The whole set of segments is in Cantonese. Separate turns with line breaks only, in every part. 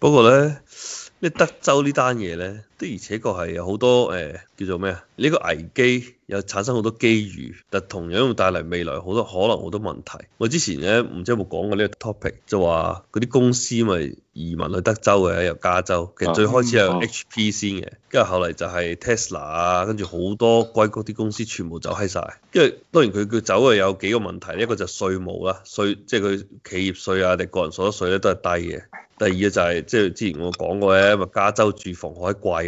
不過咧，呢德州呢單嘢咧。的而且確係有好多誒、欸、叫做咩啊？呢個危機又產生好多機遇，但同樣會帶嚟未來好多可能好多問題。我之前咧唔知有冇講過呢個 topic，就話嗰啲公司咪移民去德州嘅，又加州。其實最開始係 HP 先嘅，跟住後嚟就係 Tesla 啊，跟住好多硅谷啲公司全部走閪晒。因為當然佢佢走嘅有幾個問題，一個就稅務啦，稅即係佢企業稅啊、定個人所得稅咧都係低嘅。第二嘅就係即係之前我講過咧，咪加州住房海貴。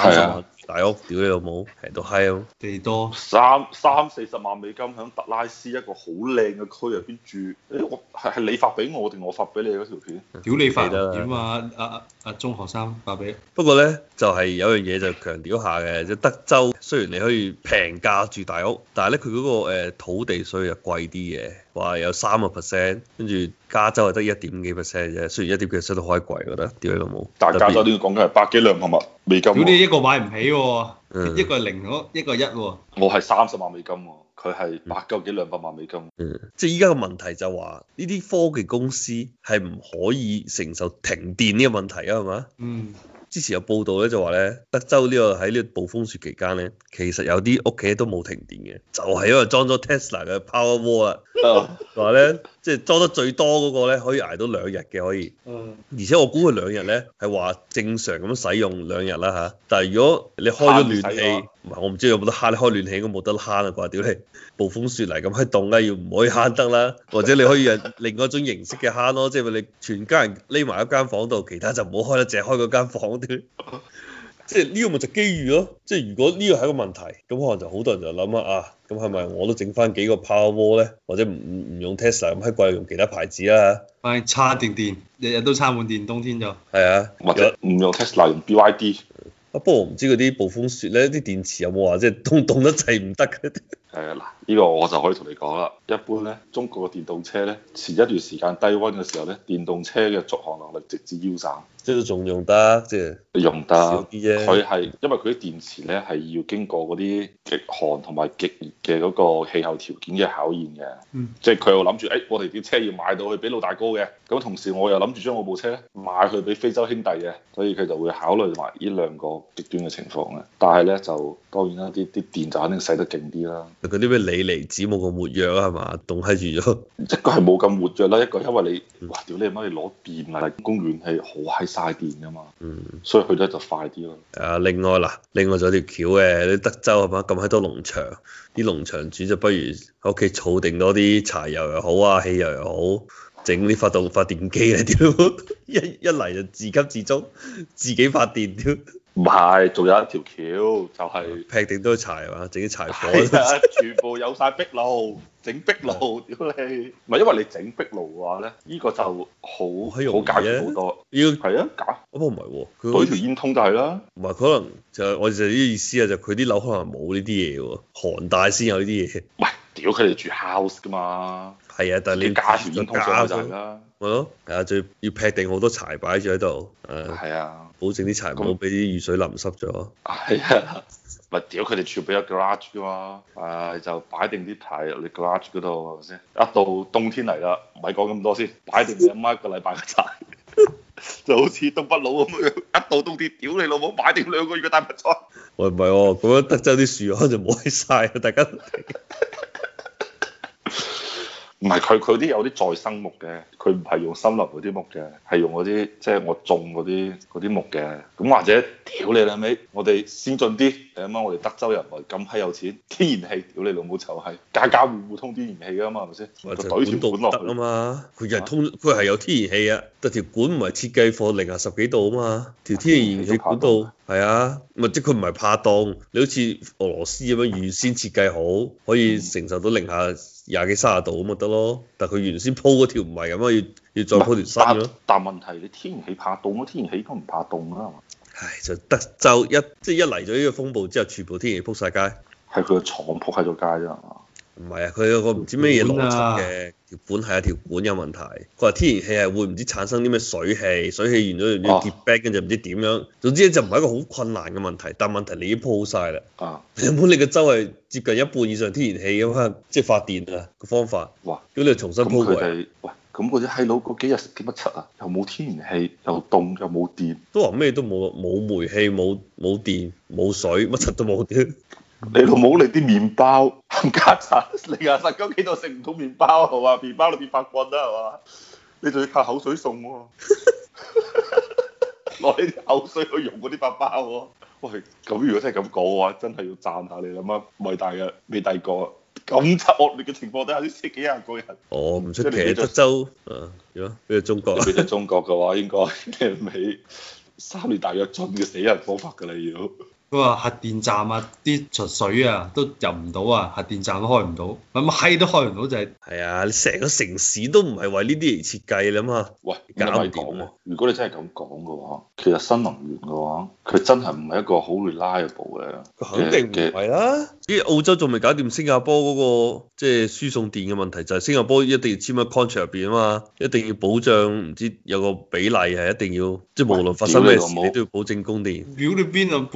係啊，大屋屌你老母，平到閪咯，幾多？
三三四十萬美金喺達拉斯一個好靚嘅區入邊住，欸、我係係你發俾我定我發俾你嗰條片？屌你發，記得點
啊？阿阿阿中學生發俾。不過咧，就係、是、有樣嘢就強調一下嘅，即係德州雖然你可以平價住大屋，但係咧佢嗰個、呃、土地稅又貴啲嘅，話有三個 percent，跟住加州係得一點幾 percent 啫。雖然一點幾 percent 都開貴，我覺得屌你老母。但係加州點
講都係百幾兩百萬。
必美金、啊，咁你一個買唔起喎、啊嗯，一個零喎、啊，一個一喎。我係三
十萬美金、啊，佢係八，九幾兩百萬美金、啊。嗯，即
係依家個問題就話呢啲科技公司係唔可以承受停電呢個問題啊，係嘛？嗯。之前有報導咧，就話咧德州呢個喺呢個暴風雪期間咧，其實有啲屋企都冇停電嘅，就係因為裝咗 Tesla 嘅 Powerwall 啦。 話咧即係裝得最多嗰個咧，可以捱到兩日嘅可以。 而且我估佢兩日咧係話正常咁樣使用兩日啦嚇。但係如果你開咗暖氣， 唔係，我唔知有冇得慳，開暖氣應該冇得慳啊啩！屌你，暴風雪嚟咁閪凍啦，要唔可以慳得啦。或者你可以用另外一種形式嘅慳咯，即係你全家人匿埋一間房度，其他就唔好開啦，淨係開嗰間房嗰啲。即係呢個咪就機遇咯。即係如果呢個係一個問題，咁可能就好多人就諗啊，咁係咪我都整翻幾個 Power Wall 咧？或者唔唔用 Tesla 咁閪貴，用其他牌子啊？嚇。反正差電電，
日日都差滿電，冬天
就係啊。或者唔
用 Tesla，用
BYD。不過我唔知嗰啲暴風雪咧，啲電池有冇話即係凍凍得滯唔得？呢個我
就可以同你講啦。一般咧，中國嘅電動車呢，前一段時間低温嘅時候咧，電動車嘅續航能力直至腰斬。即係都仲用得，即係用得，佢係因為佢啲電池咧係要經過嗰啲極寒同埋極熱嘅嗰個氣候條件嘅考驗嘅，嗯、即係佢又諗住，誒、哎、我哋啲車要賣到去俾老大哥嘅，咁同時我又諗住將我部車賣去俾非洲兄弟嘅，所以佢就會考慮埋呢兩個極端嘅情況嘅。但係咧就當然啦，啲啲電就肯定使得勁啲啦。嗰啲咩鋰離子冇咁活躍啊，係嘛？凍閪住咗，一個係冇咁活躍啦，一個因為你，哇屌你媽！你攞
電嚟供暖氣，好閪嘥電㗎嘛，嗯、所以。去得就快啲咯。啊，另外嗱，另外仲有條橋嘅，德州啊嘛，咁喺多農場，啲農場主就不如喺屋企儲定多啲柴油又好啊，汽油又好，整啲發動發電機啊，屌一一嚟就自給自足，自己發電屌。唔係，仲有一條橋，就係劈定多柴啊嘛，整啲柴火。全
部有晒壁爐。整壁爐，屌你！唔係因為你整壁爐嘅話
咧，呢個就好好搞好多，要係啊搞？不過唔係喎，佢條煙通就係啦。唔係可能就我就啲意思啊，就佢啲樓可能冇呢啲嘢喎，寒帶先有呢啲嘢。喂，屌佢哋住 house 㗎嘛？係啊，但係你要架條煙通就係啦。咪咯，係啊，最要劈定好多柴擺住喺度。係啊，保證啲柴唔好俾啲雨水淋濕咗。係
啊。咪屌佢哋儲備咗 garage 㗎嘛，誒、啊、就擺定啲柴喺 garage 嗰度係咪先？一到冬天嚟啦，唔係講咁多先，擺定你阿媽一個禮拜嘅柴， 就好似東北佬咁樣，一到冬天屌你老母，擺定兩個月嘅大白菜。
喂唔係喎，咁樣、哦、德州啲樹就冇晒啊，大家。
唔係佢佢啲有啲再生木嘅，佢唔係用森林嗰啲木嘅，係用嗰啲即係我種嗰啲啲木嘅。咁或者屌你老味，我哋先進啲，你啊啱我哋德州人咪咁閪有錢，天然氣屌你老母臭、就、閪、是，家家戶戶通啲天然氣㗎嘛係咪先？是是就袋條管落去啊
嘛，佢就係通佢係有天然氣啊，但條管唔係設計放零下十幾度啊嘛，條天然，然氣管道係啊，咪即佢唔係怕凍，你好似俄羅斯咁樣預先設計好，可以承受到零下廿幾三十度咁啊得。但佢原先鋪嗰條唔係咁啊，要要再鋪條衫咯。但問題你天然氣怕凍啊，天然氣都唔怕凍啊嘛。唉就德州一即係一嚟咗呢個風暴之後，全部天然氣撲晒街。係佢個床鋪喺度，街啫嘛。唔係啊，佢有個唔知咩嘢漏出嘅本、啊、條管、啊，係一條管有問題。佢話天然氣係會唔知產生啲咩水氣，水氣完咗、啊、要結冰，跟住唔知點樣。總之咧，就唔係一個好困難嘅問題。但問題你已經鋪好晒啦。啊！本你個周圍接近一半以上天然氣咁嘛，即、就、係、是、發電啊個方法。哇！如果你重新鋪過、嗯。咁佢哋喂，咁嗰啲閪佬嗰幾日點乜柒啊？
又冇天然氣，又凍，又冇電。都話咩都冇，冇煤氣，冇冇電，冇水，乜柒都冇。你老母你啲麵包，加曬你廿十幾度食唔到麵包好嘛？麵包裏邊發菌啦係嘛？你仲要靠口水餸喎、啊，攞 啲口水去融嗰啲發包。喂，咁如果真係咁講嘅話，真係要讚下你阿媽咪大嘅，未大過咁殘惡劣嘅情況底下啲幾廿個人。
我唔、哦、出奇，德州啊，如果喺中國，喺
中國嘅話，應該嘅尾三年大躍進嘅死人方法㗎啦要。
佢話核電站啊，啲出水啊都入唔到啊，核電站都開唔到，咁閪都開唔到就係、係。係啊，你成個城市都唔係為呢啲嚟設計啦嘛。喂，搞咪講？如果你真係咁講嘅話，
其實新能源嘅話，佢真係唔係一個好 reliable 嘅。實肯定
唔係啦。啲澳洲仲未搞掂新加坡嗰、嗰個即係、就係、輸送電嘅問題，就係新加坡一定要簽個 contract 入邊啊嘛，一定要保障唔知有個比例係一定要，即係喂無論發生咩事喂你都要保證供電。New Zealand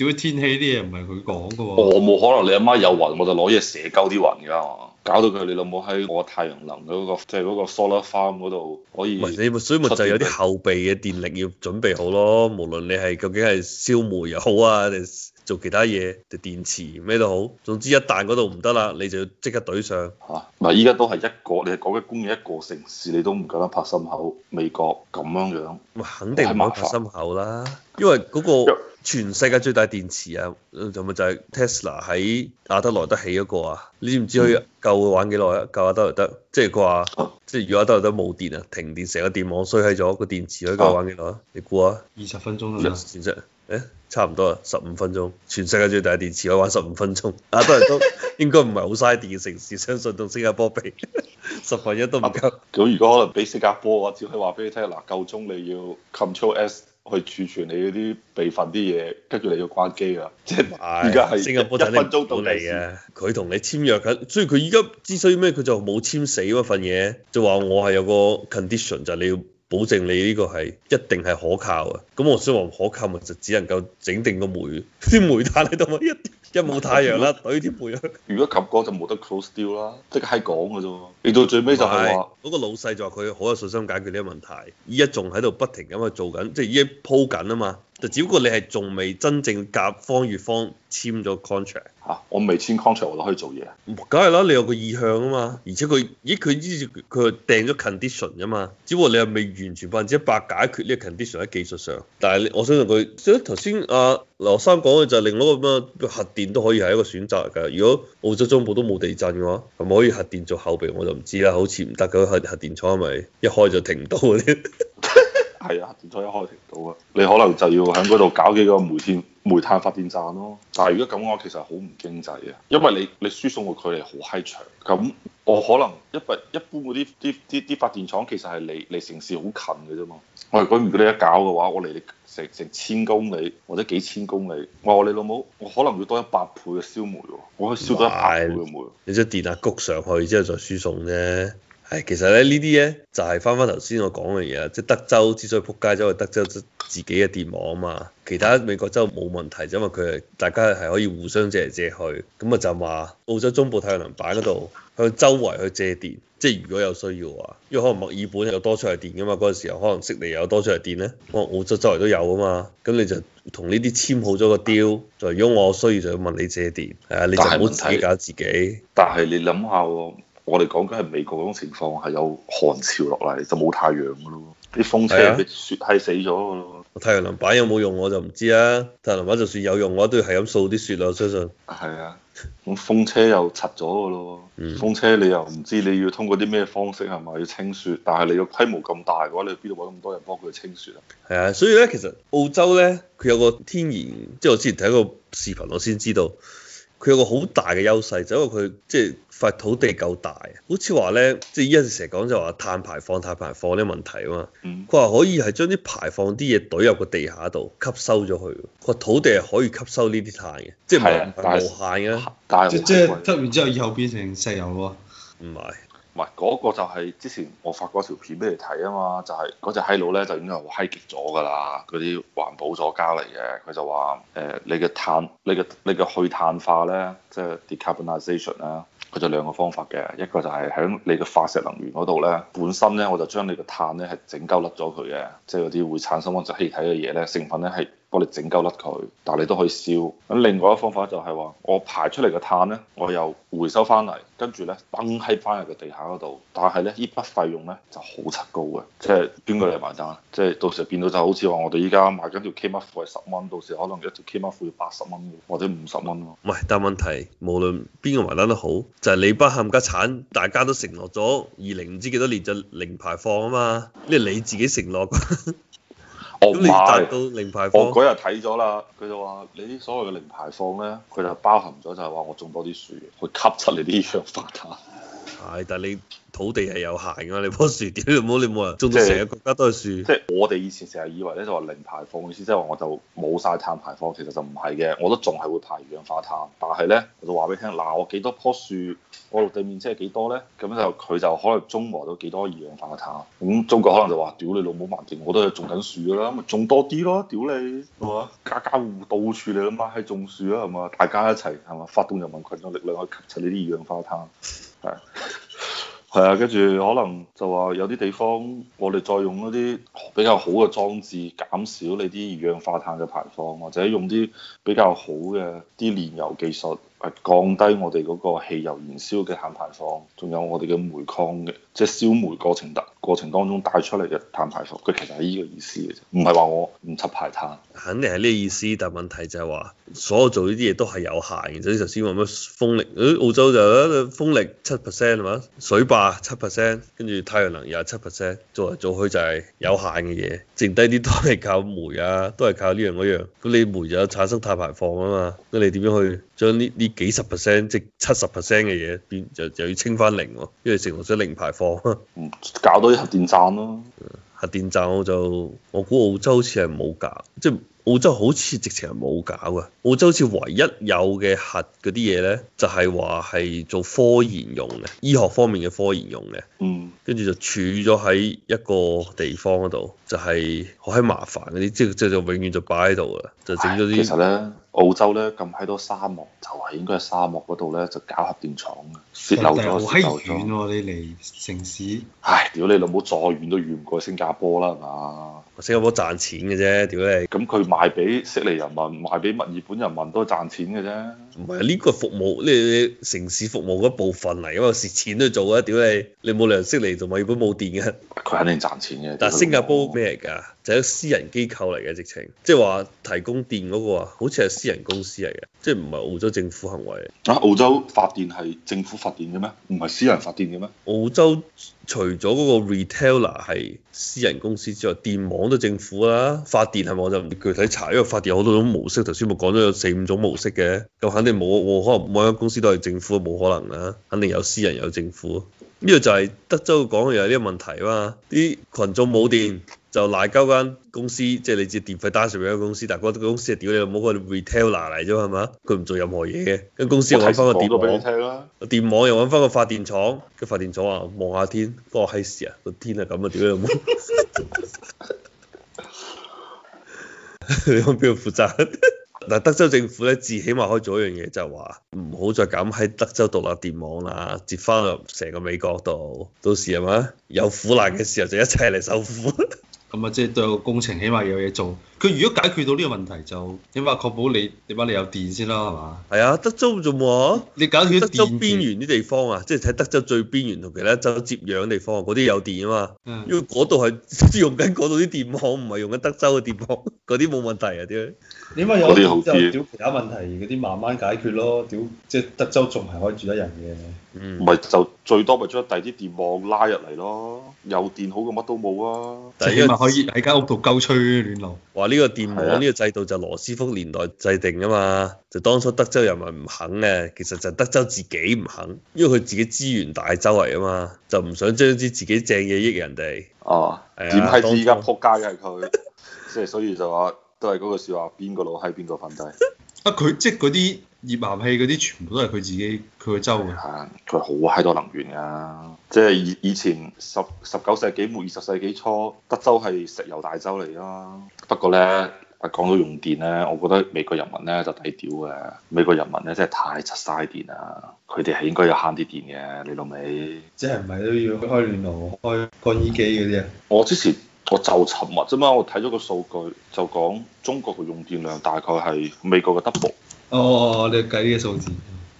點解天氣啲嘢唔係佢講嘅喎？我冇可能，你阿媽有雲，我就攞嘢射鳩啲雲㗎嘛，
搞到佢你老母喺我，我太陽能嗰、嗰個即係嗰個 solar farm 嗰度
可以。你，咪水咪就有啲後備嘅電力要準備好咯。無論你係究竟係燒煤又好啊，定做其他嘢定電池咩都好，總之一旦嗰度唔得啦，你就要即刻懟上
嚇。嗱，依家都係一個，你講緊供應一個城市，你都唔夠得拍心口。美國
咁樣，咪肯定唔好拍心口啦，因為嗰個。全世界最大電池啊，就咪、是、就係 Tesla 喺亞德萊德起嗰個啊？你知唔知可以夠佢玩幾耐啊？夠阿德萊德，即係佢話，即係如果阿德萊德冇電啊，停電成個電網衰喺咗，個電池可以夠玩幾耐啊？你估下、啊，二十分鐘啊嘛，誒，差唔多啊，十五分鐘。全世界最大電池可以玩十五分鐘，亞德來德應該唔係好嘥電嘅城市， 相信同新加坡比，十分一都唔夠。
咁、啊、如果可能比新加坡嘅話，我只可以話俾你聽，嗱，夠鐘你要 Ctrl S。去儲存你嗰啲備份啲嘢，跟住你就關機
啊！即係而家
係新加坡到、哎、你到你嘅，
佢同你簽約緊，所以佢依家之所以咩，佢就冇簽死嗰份嘢，就話我係有個 condition 就係你要。保證你呢個係一定係可靠嘅，咁我想話可靠咪就只能夠整定個煤啲 煤炭喺度，一一冇太陽啦，懟啲煤。 如果及光就冇得 close deal 啦，
即係係講嘅啫。嚟到最尾就係話嗰個老
細就話佢好有信心解決呢個問題，依家仲喺度不停咁去做緊，即係依家鋪緊啊嘛。就只不過你係仲未真正甲方乙方簽咗 contract 嚇、啊，我未簽 contract 我就可以做嘢？梗係啦，你有個意向啊嘛。而且佢，咦？佢依住佢訂咗 condition 啊嘛。只不過你係未完全百分之一百解決呢個 condition 喺技術上。但係，我相信佢。所以頭先阿羅生講嘅就係另外一個咩核電都可以係一個選擇㗎。如果澳洲中部都冇地震嘅話，係咪可以核電做後備？我就唔知啦。好似唔得㗎，核核電廠係咪一開就停唔到？ 係啊，
電廠一開停唔到啊，
你可能就要喺嗰度搞幾個煤電煤炭發
電站咯。但係如果咁嘅話，其實好唔經濟啊，因為你你輸送嘅距離好閪長。咁我可能一不一般嗰啲啲啲啲發電廠其實係離離城市好近嘅啫嘛。我係講如果你一搞嘅話，我離你成成千公里或者幾千公里，我話我你老母，我可能要多一百倍嘅燒煤喎，
我可以燒得燒多一百倍嘅煤。你將電壓谷上去之後再輸送啫。係，其實咧呢啲嘢就係翻翻頭先我講嘅嘢，即係德州之所以撲街，因為德州自己嘅電網啊嘛，其他美國州冇問題，啫嘛，佢哋大家係可以互相借嚟借去，咁啊就話澳洲中部太陽能板嗰度向周圍去借電，即係如果有需要啊，因為可能墨爾本有多出嚟電噶嘛，嗰陣時候可能悉尼有多出嚟電咧，我澳洲周圍都有啊嘛，咁你就同呢啲簽好咗個 Deal，就係就如果我需要就要問你借電，係啊，你就唔好自己搞自己。但係你諗下
喎。我哋講緊係美
國嗰種情況，係有寒潮落嚟就冇太陽嘅咯，啲風車雪係死咗嘅咯。太陽能板有冇用我就唔知啊。太陽能板就算有用嘅話，都要係咁掃啲雪啊，我相信。係啊，咁風車又拆咗嘅咯。
風車你又唔知你要通過啲咩方式係咪要清雪，但係你要規模咁大嘅話，你邊度揾咁多人幫佢清雪啊？
係啊，所以咧，其實澳洲咧，佢有個天然，即係我之前睇過個視頻，我先知道。佢有個好大嘅優勢，就係、因為佢即係塊土地夠大，好似話咧，即係依家成日講就話碳排放、碳排放呢啲問題啊嘛。佢話可以係將啲排放啲嘢懟入個地下度吸收咗佢，個土地係可以吸收呢啲碳嘅，即係無的是無限嘅。但係即即係吸完之後又變成石油咯。唔
係是。唔係，嗰個就係之前我發過條片俾你睇啊嘛，就係嗰隻閪佬咧就已經係閪極咗㗎啦，嗰啲環保左家嚟嘅，佢就話誒，你嘅碳、你嘅你嘅去碳化咧，即係 decarbonization 啦，佢就，就兩個方法嘅，一個就係喺你嘅化石能源嗰度咧，本身咧我就將你嘅碳咧係整鳩甩咗佢嘅，即係嗰啲會產生溫室氣體嘅嘢咧成分咧係。幫你整夠甩佢，但係你都可以燒。咁另外一個方法就係話，我排出嚟嘅碳呢，我又回收翻嚟，跟住呢崩喺翻入個地下嗰度。但係呢，呢筆費用呢就好柒高嘅，即係邊個嚟埋單？即係到時候變到就好似話，我哋依家買緊條 K Mark 褲係十蚊，到時候可能一條 K Mark 褲要八十蚊，或
者五十蚊喎。唔係，但問題無論邊個埋單都好，就係、是、你不冚家產，大家都承諾咗二零唔知幾多年就零排放啊嘛。呢係你自己承諾。 我唔係，我嗰日睇咗啦，佢就話：「你啲所謂嘅零排放咧，佢就，就包含咗就係話我種多啲樹去吸出你啲二氧化碳。」 但係你土地係有限噶，你棵樹屌你冇，你冇人種到成個國家都係樹
即是。即係我哋以前成日以為咧就話零排放，嘅意思即係話我就冇晒碳排放，其實就唔係嘅。我都仲係會排二氧化碳，但係咧，我就話俾你聽，嗱、啊，我幾多棵樹，我陸地面積係幾多咧？咁就佢就可能中和咗幾多二氧化碳。咁、嗯、中國可能就話：屌你老母盲，環境我都係種緊樹㗎啦，咪種多啲咯！屌你係嘛、就是？家家戶戶到處你諗下係種樹啊，係嘛？大家一齊係嘛？發動人民羣眾力量去吸齊呢啲二氧化碳。係，係啊，跟住可能就話有啲地方，我哋再用嗰啲比較好嘅裝置，減少你啲二氧化碳嘅排放，或者用啲比較好嘅啲煉油技術。降低我哋嗰個汽油燃燒嘅碳排放，仲有我哋嘅煤礦嘅，即係燒煤過程突過程當中帶出嚟嘅碳排放，佢
其實係呢個意思嘅啫，唔係話我唔執排碳，肯定係呢個意思。但係問題就係話，所有做呢啲嘢都係有限。就你頭先話咩風力，誒澳洲就咧風力七 percent 係嘛，水壩七 percent，跟住太陽能又係七 percent，做嚟做去就係有限嘅嘢，剩低啲都係靠煤啊，都係靠呢樣嗰樣。咁你煤就產生碳排放啊嘛，咁你點樣去將呢呢？幾十 percent 即七十 percent 嘅嘢，變就就，就要清翻零喎，因為成為水零排放。 搞到啲核電站咯、啊。核電站我就我估澳洲好似係冇搞，即、就係、澳洲好似直情係冇搞嘅。澳洲好似唯一有嘅核嗰啲嘢咧，就係話係做科研用嘅，醫學方面嘅科研用嘅。嗯。跟住就儲咗喺一個地方嗰度，就係好喺麻煩嗰啲，即、就、即、係、就永遠就擺喺度啦，就整咗啲。其實咧。澳洲咧，咁喺多沙漠，就係應該喺沙漠嗰度咧就搞核電廠嘅，泄漏咗好遠
喎、啊，你離城市，唉，屌你老母再遠都遠唔過新加坡啦，係嘛？新加坡賺錢嘅啫，屌你，咁佢賣俾悉尼人民，賣俾墨爾本人
民都係賺錢嘅啫。唔係呢個服務呢、這個、城市服務嘅一部分嚟，因為蝕錢都做啊！屌你，你冇理由蝕嚟，同埋墨爾本冇電嘅。佢肯定賺錢嘅，但係新加坡咩嚟㗎？就係、是、個私人機構嚟嘅，直情即係話提供電嗰、那個，好似係私人公司嚟嘅，即係唔係澳洲政府行為。
澳洲發電係政府發電嘅咩？唔係
私人發電嘅咩？澳洲。除咗嗰個 retailer 係私人公司之外，電網都政府啦、啊。發電係咪我就唔具體查，因為發電有好多種模式，頭先咪講咗有四五種模式嘅，咁肯定冇，我可能每間公司都係政府，冇可能啦、啊，肯定有私人有政府。呢個就係德州講嘅又係呢個問題啊嘛，啲群眾冇電就賴交間公司，即係你接電費單上面間公司，但係嗰間公司係屌你老母個 retailer 嚟啫嘛，佢唔做任何嘢嘅，跟公司又揾翻個電網，電網又揾翻個發電廠，個發電廠話望下天，幫我閪事啊，個天係咁啊，屌你老母。你講邊個負責？嗱，德州政府咧自起碼可以做一樣嘢，就係話唔好再咁喺德州獨立電網啦，接翻入成個美國度，到時係咪有苦難嘅時候就一齊嚟受苦？ 咁啊，即係、嗯就是、對個工程起碼有嘢做。佢如果解決到呢個問題，就起碼確保你，你點解你有電先啦，係嘛？係啊，德州做喎。你搞啲德州邊緣啲地方啊，電即係喺德州最邊緣同其他州接壤嘅地方，嗰啲有電啊嘛。嗯、因為嗰度係用緊嗰度啲電網，唔係用緊德州嘅電網，嗰啲冇問題啊啲。點解、嗯、有就？啲好啲。就其他問題嗰啲慢慢解決咯。屌，即係德州仲係可以住得人嘅。
唔係、嗯、就最多咪將第二啲電網拉入嚟咯，有電好過乜都冇啊。即起碼 可以喺
間屋度鳩吹暖爐。話呢、呢個電網呢個制度就羅斯福年代制定㗎嘛，就當初德州人咪唔肯嘅，其實就德州自己唔肯，因為佢自己資源大周圍啊嘛，就唔想將啲自己正嘢益人哋。哦、啊，點係至依家
撲街係佢？即係 所以就話都係嗰句説話，邊個老閪邊個瞓低。啊！佢即係嗰啲熱汙氣嗰啲，全部都係佢自己佢個州嘅。係、嗯，佢好閪多能源㗎。即係以以前十十九世紀末二十世紀初，德州係石油大州嚟啊。不過呢，講到用電呢，我覺得美國人民呢就抵屌嘅。美國人民呢真係太柒嘥電啦。佢哋係應該要慳啲電嘅，你老味。即係唔係都要開暖爐、開乾衣機嗰啲啊？我之前。我就沉默啫嘛，我睇咗個數據，就講中國嘅用電量大概係美國嘅 double。
哦，你計呢個數字。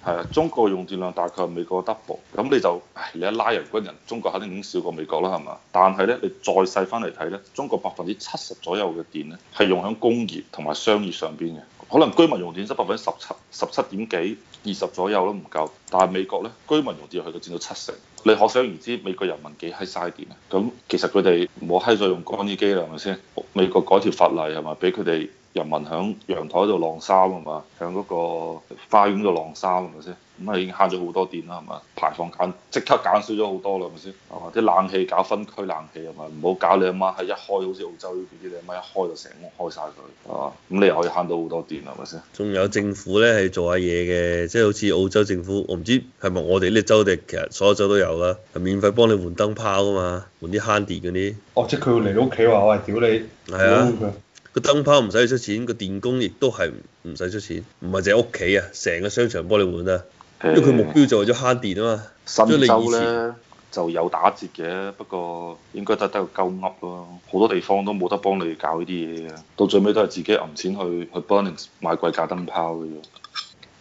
係啊，中國用電量大概係美國嘅 double，咁你就，唉，你一拉人均人，中國肯定已經少過美國啦，係嘛？但係呢，你再細翻嚟睇呢，中國百分之七十左右嘅電呢，係用喺工業同埋商業上邊嘅，可能居民用電只百分之十七十七點幾二十左右都唔夠，但係美國呢，居民用電去到佔到七成。你可想而知美國人民幾閪嘥電啊！咁其實佢哋冇閪再用乾衣機啦，係咪先？美國改條法例係咪俾佢哋。是人民響陽台度晾衫係嘛，響嗰個花園度晾衫係咪先？咁啊已經慳咗好多電啦係嘛，排放減即刻減少咗好多啦係咪先？係嘛，啲冷氣搞分區冷氣係嘛，唔好搞你阿媽係一開好似澳洲呢啲，你阿媽一開就成屋開晒佢係嘛，咁你又可以慳到好多電係咪先？
仲有政府咧係做下嘢嘅，即係好似澳洲政府，我唔知係咪我哋呢個州地，其實所有州都有啦，係免費幫你換燈泡㗎嘛，換啲慳電嗰啲。哦，即係佢嚟你屋企話，我係屌你係啊！個燈泡唔使出錢，個電工亦都係唔使出錢，唔係淨係屋企啊，成個商場幫你換啊，欸、
因為佢目標
就為咗慳電啊嘛。新州咧就有打折嘅，不過應該都得個鳩噏咯，好多地
方都冇得幫你搞呢啲嘢嘅，到最尾都係自己揞錢去去幫你買貴價燈泡嘅啫。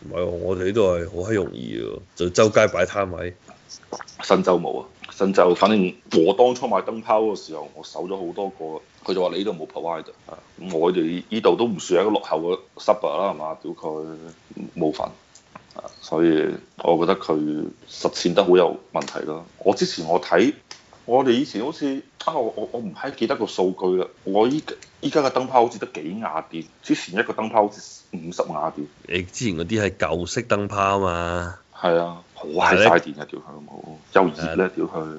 唔係、啊，我哋呢度係好閪容易嘅，就周街擺攤位，
新州冇啊。就，反正我當初買燈泡嘅時候，我搜咗好多個，佢就話你呢度冇 provide 啊，咁的、嗯、我哋呢度都唔算喺一個落後嘅 sub 啦，係嘛？屌佢冇份，所以我覺得佢實踐得好有問題咯。我之前我睇，我哋以前好似啊，我我唔閪記得個數據啦。我依依家嘅燈泡好似得幾瓦電，之前一個燈泡好似五十瓦電。
你之前嗰啲係舊式燈泡啊嘛。係啊，好係嘥電嘅，屌佢冇又熱咧，屌佢。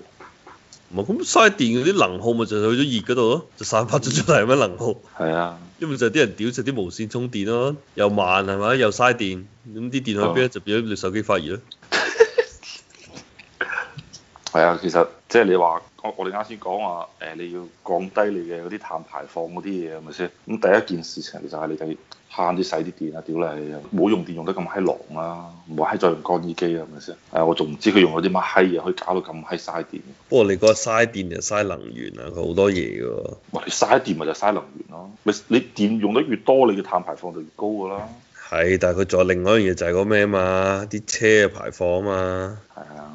唔係咁嘥電嗰啲能耗咪就去咗熱嗰度咯，就散發咗出嚟咩能耗。係啊的，因為就啲人屌食啲無線充電咯，又慢係咪？又嘥電，咁啲電去邊咧就變咗部手機發熱咧。係啊，其實即係你話
我哋啱先講話，誒、欸、你要降低你嘅嗰啲碳排放嗰啲嘢係咪先？咁、嗯、第一件事情就係、是、你哋慳啲使啲電啊，屌你冇用電用得咁閪狼啊，冇閪再用乾衣機啊，係咪先？誒，我仲唔知佢用咗啲乜閪嘢，可以搞到咁閪嘥電。不
過、哦、你嗰個嘥電就嘥能源啊，佢好多嘢噶、啊。你
嘥電咪就嘥能源咯、啊，你你電用得越多，你嘅碳排放就越高噶啦。
係，但係佢仲有另外一樣嘢就係嗰咩啊嘛？啲車嘅排放啊嘛。係啊。